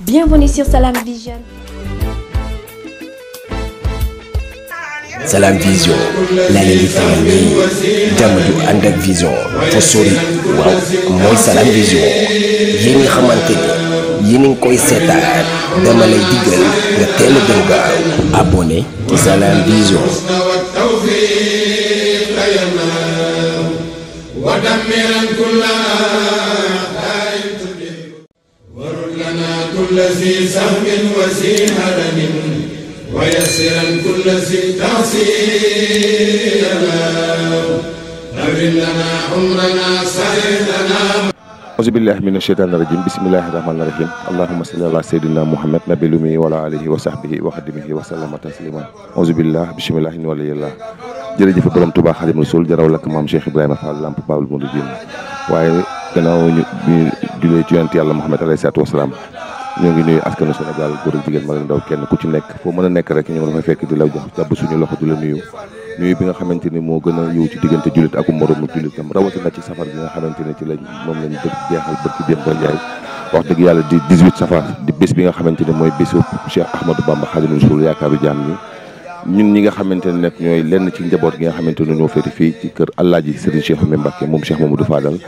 Bienvenue sur Salam Vision. Salam Vision laa leen jàmm ju ànd ak vision fa sori waaw mooy Salam Vision yéen ñi xamante ni yéen a koy seetaan dama lay diggal nga teel a gën gaaw abonné ci Salam Vision. ودمرا كل كل ذي سهم وذي هرم ويسرا كل ذي تعسير أبن لنا عمرنا سعيدنا أعوذ بالله من الشيطان الرجيم بسم الله الرحمن الرحيم اللهم صل على سيدنا محمد نبي الأمي وعلى آله وصحبه وخدمه وسلم تسليما أعوذ بالله بسم الله إن ولي الله jërëjëf borom Touba Xadim Rasul jaraw lakk maam Cheikh Ibrahima Fall Lamp Babul Mouridine waaye gannaaw ñu ñu julee ci yonent yàlla Muhammad alayhi salaatu wasalaam ñoo ngi nuyu askanu Sénégal góor ak jigéen ndaw kenn ku ci nekk foo mën a nekk rek ñoo ngi la fay fekk di la jox jàpp suñu loxo di la nuyu nuyu bi nga xamante ni moo gën a ñëw ci diggante jullit ak ne ci lañ moom lañ dëgg jeexal bërki démb ba njaay wax bi nga xamante ne mooy bésu Cheikh Ahmadou Bamba Xaadimu yaakaaru jaam ñi ñun ñi nga xamante ne nag ñooy lenn ci njaboot gi nga xamante ne ñoo féete fii ci kër Alaaji Serigne Cheikh Oumy Mbacké moom Cheikh Mamadou Fadal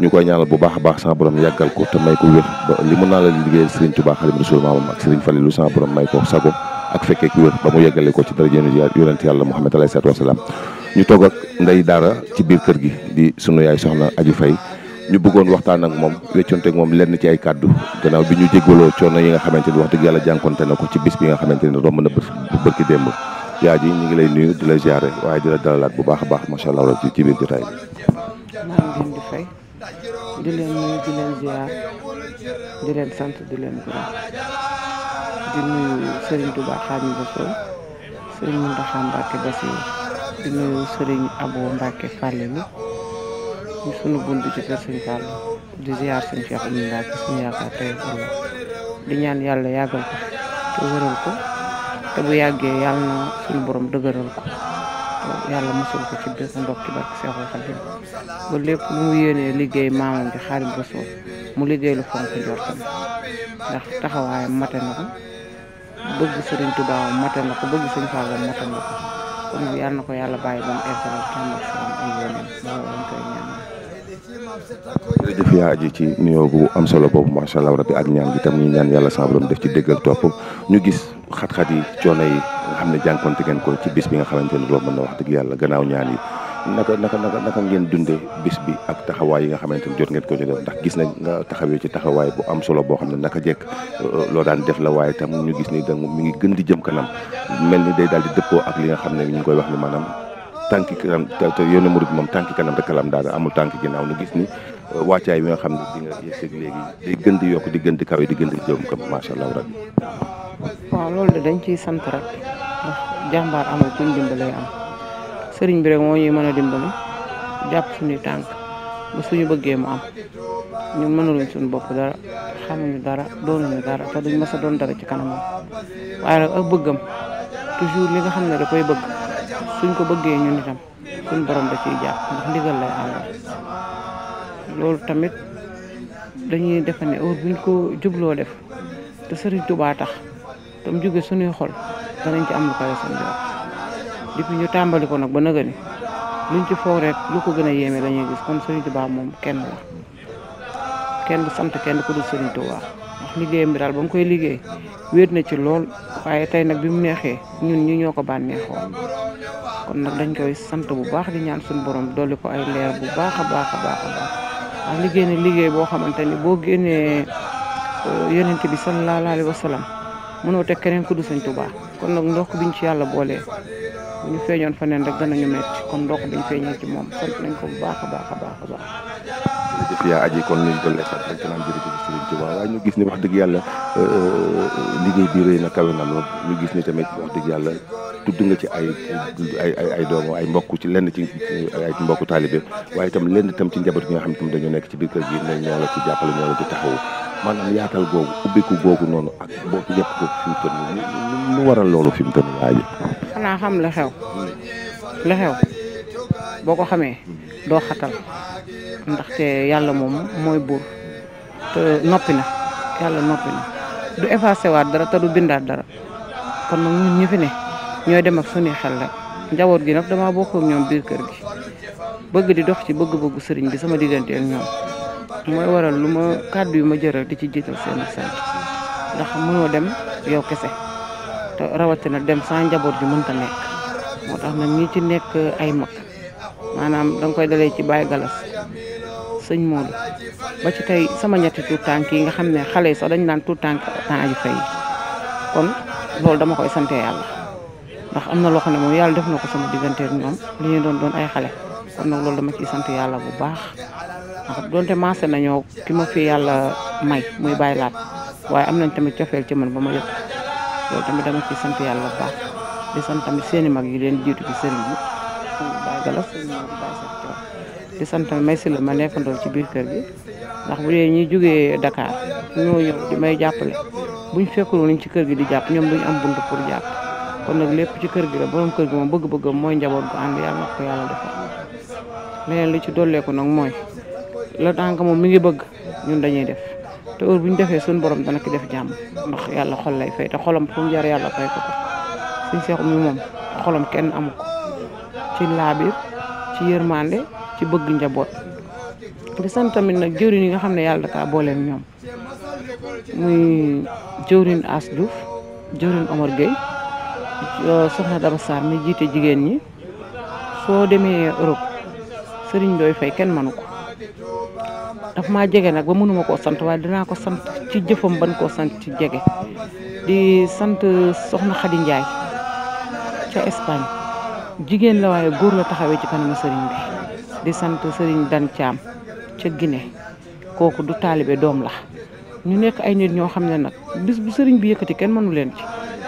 ñu koy ñaanal bu baax a baax sama borom yàggal ko te may ko wér ba naa la liggéeyal Serigne Touba Xaadimu Rasuul maamam ak Serigne ko sago ak fekkee mu yeggale ko ci dara yonent yàlla Muhammad alayhi gi di sunu yaay soxna Aju Fay ñu bëggoon waxtaan ak moom weccoonte ak moom lenn ci ay kàddu gannaaw bi ñu jégaloo coono yi nga xamante ni wax dëgg yàlla jànkonte na ko ci bis bi nga xamante ni romb na bërki ngi lay nuyu di la ziare waaye di la dalalaat bu baax a baax macha allah ci biir jotaay bi. maa ngi di leen nuyu di leen ziar di leen sant di leen gërëm di nuyu Serigne Touba Xaadimu Rasuul Serigne Mountakha Mbacké Bassirou di nuyu Serigne Abou Mbacké Fallilou ñu sunu bunt ci kër Serigne Fallou di ziar Serigne Cheikh di ñaan yàlla yàggal ko te wëral ko te bu yàggee yàlla na suñu borom dëgëral ko. ko yàlla mosul ko ci bés ndox ci barke Seexul Xadiim ba lépp mu yéenee liggéey maamam bi Xaadimu Rasuul mu liggéey lu fonk njortam ndax taxawaayam mate na ko bëgg Sëriñ Tuubaa mate na ko bëgg Sëñ Fallu mate na ko yàlla na ko ay koy ñaanal jërëjëf yaa aji ci nuyoo bu am solo boobu macha allah ak ñaan gi tam ñu ñaan yàlla sama borom def ci dégg ak topp ñu gis xat-xat yi coono yi nga xam ne jànkonte ngeen ko ci bis bi nga xamante ni loolu mën na dëgg yàlla gannaaw ñaan yi naka naka naka naka ngeen dundee bis bi ak taxawaay yi nga xamante ni jot ngeen ko ci ndax gis nañ nga taxawee ci taxawaay bu am solo boo xam ne naka jekk euh, loo daan def la waaye tam ñu gis ni da mi ngi gën di jëm kanam mel ni day daal di dëppoo ak li nga xam ne ñu ngi koy wax ni maanaam tànki kanam te yoonu murid moom tànki kanam rek la am daal amul tànki ginnaaw nu gis ni euh, wàccaay bi nga xam ne di gën di yokk di gën di kawe di gën di jëm kam macha allah rabbi. loolu de dañ ciy sant rek ndax jàmbaar amul kuñ dimbalee am sëriñ bi rek moo ñuy mën a dimbali jàpp suñuy tànk suñu bëggee mu am ñun mënuluñ suñu bopp dara xamuñu dara doonuñu dara te duñ mës a doon dara ci kanamam waaye nag ak bëggam toujours li nga xam ne bëgg. suñ ko bëggee ñun itam suñ borom da ci jàpp ndax ndigal lay àndal loolu tamit dañuy defe ne heure buñ ko jubloo def te Serigne Touba tax tam jóge suñuy xol danañ ci am lu koy seen jor ñu tàmbali ko nag ba naga luñ ci foog rek lu ko gën a yéeme la gis kon Serigne Touba moom kenn la kenn du sant kenn ku dul Serigne Touba ndax liggéeyam bi daal ba koy liggéey wéet na ci lool waaye tey nag bi mu neexee ñun ñu ñoo ko bànneexoo kon nag dañ koy sant bu baax di ñaan suñu boroom dolli ko ay leer bu baax a baax a baax a liggéey na liggéey boo xamante ni boo génnee euh, yonent bi sallallahu alayhi wa sallam mënoo teg keneen ku du sëñ Tuubaa kon nag ndox biñ ci yàlla boolee bu ñu feeñoon feneen rek danañu metti kon ndox biñ feeñee ci moom sant nañ ko bu baax a baax a baax a waaye ñu gis ne wax dëgg yàlla euh, euh, euh, liggéey bi rëy na kawe na lool ñu gis ni tamit wax dëgg yàlla tudd nga ci ay ay ay ay doomu ay mbokk ci lenn ci ay mbokku taalibe waaye itam lenn tam ci njaboot gi nga xam ne dañoo nekk ci biir kër gi ci jàppale ñoo yaatal googu ubbiku googu noonu ak boo yëpp ko fi mu toll nii lu waral loolu fi mu toll a waaye. xanaa xam boo ko xamee doo xatal ndaxte yàlla moom mooy buur. te noppi na yàlla noppi na du effacé waat dara te du bindaat dara kon nag ñun ñu fi ne ñooy dem ak suñuy xel la njaboot gi nag dama bokk ak ñoom biir kër gi bëgg di dox ci bëgg-bëggu sëriñ bi sama diggante ak ñoom mooy waral lu ma kàddu yu ma jëral di ci jiital seen sant mënoo dem yow kese te rawatina dem sans njaboot gi mënta nekk moo tax nag ñi ci nekk ay mag maanaam danga koy dalee ci Baye Galas sëñ Modou ba ci tey sama ñetti tuut tànk yi nga xam ne xale yi sax dañ naan tuut tànk temps aji fay kon loolu dama koy sante yàlla ndax am na loo xam ne moom yàlla def na ko sama digganteeg ñoom li ñu doon doon ay xale kon loolu dama ciy sant yàlla bu baax ndax donte maase nañoo ki ma fi yàlla may muy bàyyi laat waaye am nañ tamit cofeel ci man ba ma yëpp loolu tamit dama ciy sant yàlla baax di sant tamit seeni mag yi leen jiitu ci sëriñ bi suñu ci sant may si ma neefandoo ci biir kër gi ndax bu dee ñuy jógee Dakar ñoo di may jàppale buñ fekkul woon ci kër gi di jàpp ñoom duñ am bunt pour jàpp kon nag lépp ci kër gi la borom kër gi moom bëgg-bëggam mooy njaboot gu ànd yàlla na ko yàlla defal leneen li ci dolleeku nag mooy la tànk moom mi ngi bëgg ñun dañuy def te heure bu ñu defee suñu borom dana ki def jàmm ndax yàlla xol lay fay te xolam fu mu jar yàlla fay ko ko suñ seexu mi moom xolam kenn amu ko ci ci bëgg njaboot di sant tamit nag jëwriñ yi nga xam ne yàlla dakaa booleen ñoom muy jëwriñ As Diouf jëwriñ Omar Gueye euh, soxna Daba Sarr jiite jigéen ñi soo demee Europe sëriñ dooy fay kenn mënu ko daf maa jege nag ba mënuma koo sant waaye dinaa ko sant ci jëfam ban koo sant ci jege di sant soxna Xadi Njaay ca Espagne jigéen la waaye góor la taxawee ci kanamu sëriñ bi di sant sëriñ Dan Thiam ca Guinée kooku du taalibe doom la ñu nekk ay nit ñoo xam ne nag bis bu sëriñ bi yëkkati kenn mënu leen ci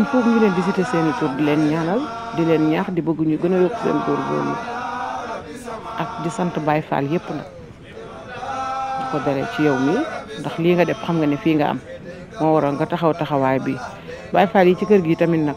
il faut ñu leen di citer seen i tur di leen ñaanal di leen ñaax di bëgguñu gën a yokk seen góorgóorlu ak di sant baay Fall yëpp nag di ci yow mi ndax lii nga def xam nga ne fii nga am moo waroon nga taxaw taxawaay bi Baye Fall yi ci kër gi tamit nag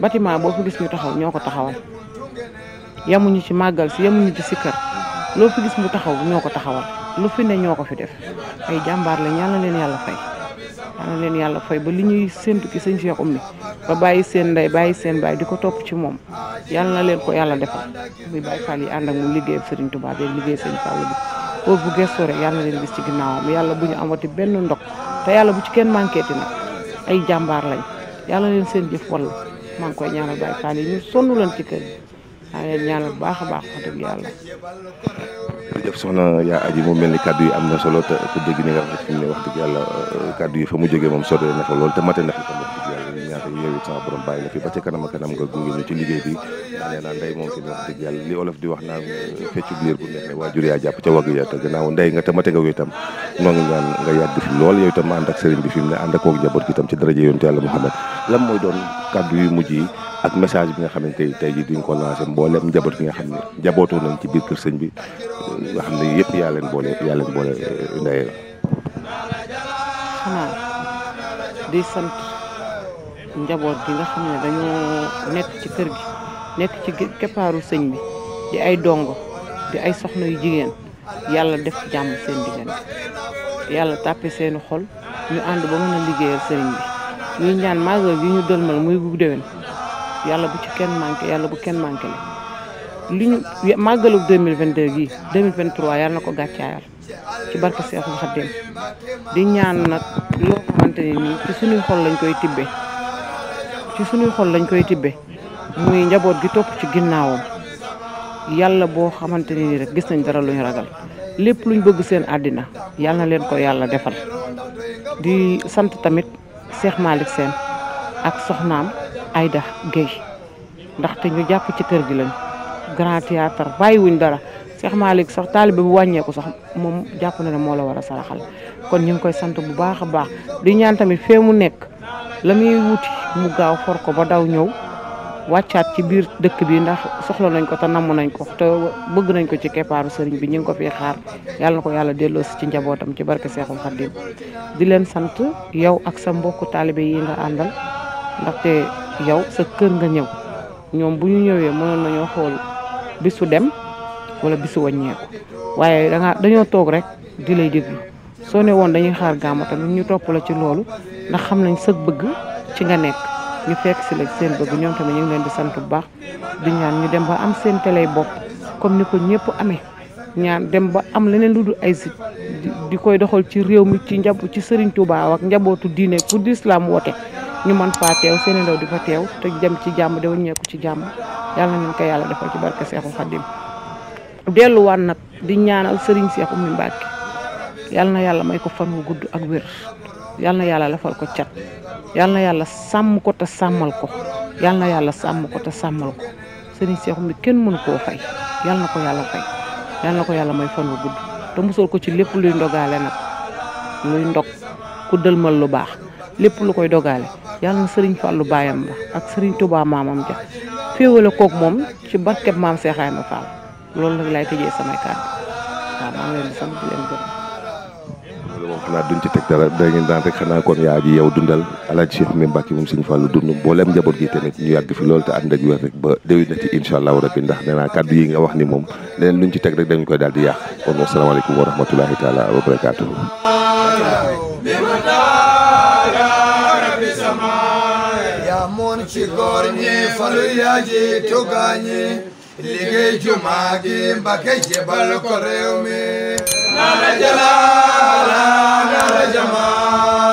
bâtiment boo fi gis ñu taxaw ñoo ko taxawal yamuñu ci màggal si yamuñu ci sikkar loo fi gis mu taxaw ñoo ko taxawal lu fi ne ñoo ko fi def ay jàmbaar lañ yal leen yàlla fay yal leen yàlla fay ba li ñuy séntu ki sëñ Cheikh Oumy ba bàyyi seen ndey bàyyi seen baay di ko topp ci moom yal na leen ko yàlla defal muy Baye Fall yi ànd ak moom liggéey ak Serigne Touba beeg liggéey Serigne Fall bi boobu bu gëstoo na leen gis ci ginnaawam yàlla bu ñu amati benn ndok te yàlla bu ci kenn manqué ti nag ay jàmbaar lañ yàlla leen seen jëf wàll maa koy ñaanal Baye Fall yi ñu sonn leen ci yi maa ngi leen ñaanal bu baax a baax wax dëgg yàlla. jërëjëf soxna yaa aji mu mel ni kaddu yi am na solo te ku dégg ni nga wax ne wax dëgg yàlla kaddu yi fa mu jógee moom solo na fa lool te mate na fi tam sama borom bàyyi la fi ba ca kanam a kanam nga gunge ñu ci liggéey bi daa nee naa moom fi wax yàlla li olof di wax naan euh, feccub liir bu neex jàpp ca wagg ya te gannaaw ndey nga tamate nga itam noo ngi lool yow itam ma ànd sëriñ bi fi mu ne ànd ak kook njaboot gi itam ci daraje yonte yàlla Muhammad lan mooy doon kàddu yu mujj yi ak message bi nga xamante ni tey jii duñ ko lancé mboolem njaboot bi nga xam ne njabootoo nañ ci biir kër sëñ bi euh, nga xam ne yëpp yaa leen boole yaa leen euh, njaboot gi nga xam ne dañoo nekk ci kër gi nekk ci keppaaru sëñ bi di ay dongo di ay soxna yu jigéen yàlla def jàmm seen diggante yàlla tàppe seeni xol ñu ànd ba mën a liggéeyal sëriñ bi ñuy ñaan magal yi ñu dëlmal muy bu déwén yàlla bu ci kenn manqué yàlla bu kenn manqué la li ñu màggalu 2022 gii 2023 yàlla na ko gàccaayal ci barke Seexul Xaddim di ñaan nag loo xamante nii ci suñuy xol lañ koy tibbee ci suñuy xol lañ koy tibbe muy njaboot gi topp ci ginnaawam yàlla boo xamante ne ni rek gis nañ dara luñ ragal lépp luñ bëgg seen àddina yàlla na leen ko yàlla defal di sant tamit Cheikh Malick seen ak soxnaam Aïda Gueye ndaxte ñu jàpp ci kër gi lañ grand théâtre bàyyiwuñ dara Cheikh Malick sax taalibe bu wàññeeku sax moom jàpp na ne moo la war a saraxal kon ñu koy sant bu baax a baax di ñaan tamit fee mu nekk la wuti mu gaaw for ko ba daw ñëw wàccaat ci biir dëkk bi ndax soxla nañ ko te namm nañ ko te bëgg nañ ko ci keppaaru sëriñ bi ñu ko fi xaar yàlla na ko yàlla delloo si ci njabootam ci barke Seexul Xaddim di leen sant yow ak sa mbokku taalibe yi nga àndal ndaxte yow sa kër nga ñëw ñoom bu ñu ñëwee mënoon nañoo xool bisu dem wala bisu wàññeeku waaye danga dañoo toog rek di lay déglu soo ne woon dañuy xaar gàmmu tamit ñu topp la ci loolu ndax xam nañ sëg bëgg ci nga nekk ñu fekk si la seen bëgg ñoom tamit ñu ngi leen di sant bu baax di ñaan ñu dem ba am seen télé bopp comme ni ko ñëpp amee ñaan dem ba am leneen lu dul ay site di koy doxal ci réew mi ci njab ci Serigne Touba njabootu diine pour l'islam woote ñu mën faa teew seen ndaw di fa teew te jëm ci jàmm de ñeeku ci jàmm yàlla nañ ko yàlla defal ci barke Seexu Xadim delluwaat nag di ñaanal na yàlla may ko fan wu gudd ak wér yal na yàlla lafal ko cat yal na yàlla sàmm ko te sàmmal ko yal na yàlla sàmm ko te sàmmal ko sëriñ Seexu mi kenn mënu koo fay yal na ko yàlla fay yal na ko yàlla may fan wu gudd te musal ko ci lépp luy ndogaale nag luy ndog ku dëlmal lu baax lépp lu koy dogaale yal na sëriñ lu baayam ba ak sëriñ Tuubaa maamam ja féewale koog moom ci barkeb maam Seex Ibra Fall loolu nag laay tëjee samay kàddu waaw maa ngi leen di sant di xanaa duñ ci teg dara da ngeen daan rek xanaa kon yaa ji yow dundal alaaji Cheikh mi Mbacke moom suñu fàllu dund mboolem njaboot gi tamit ñu yàgg fi loolu te ànd ak wér rek ba déwén na ci incha allahu ndax nee naa yi nga wax ni moom leneen luñ ci teg rek dañ koy daal di yàq kon wasalaamaaleykum wa rahmatulahi taala wa barakaatuhu yaa moon ci góor ñi falu yaa ji tugaa liggéey jumaa gi Mbacke jébal ko réew nala jalaala nala jamaa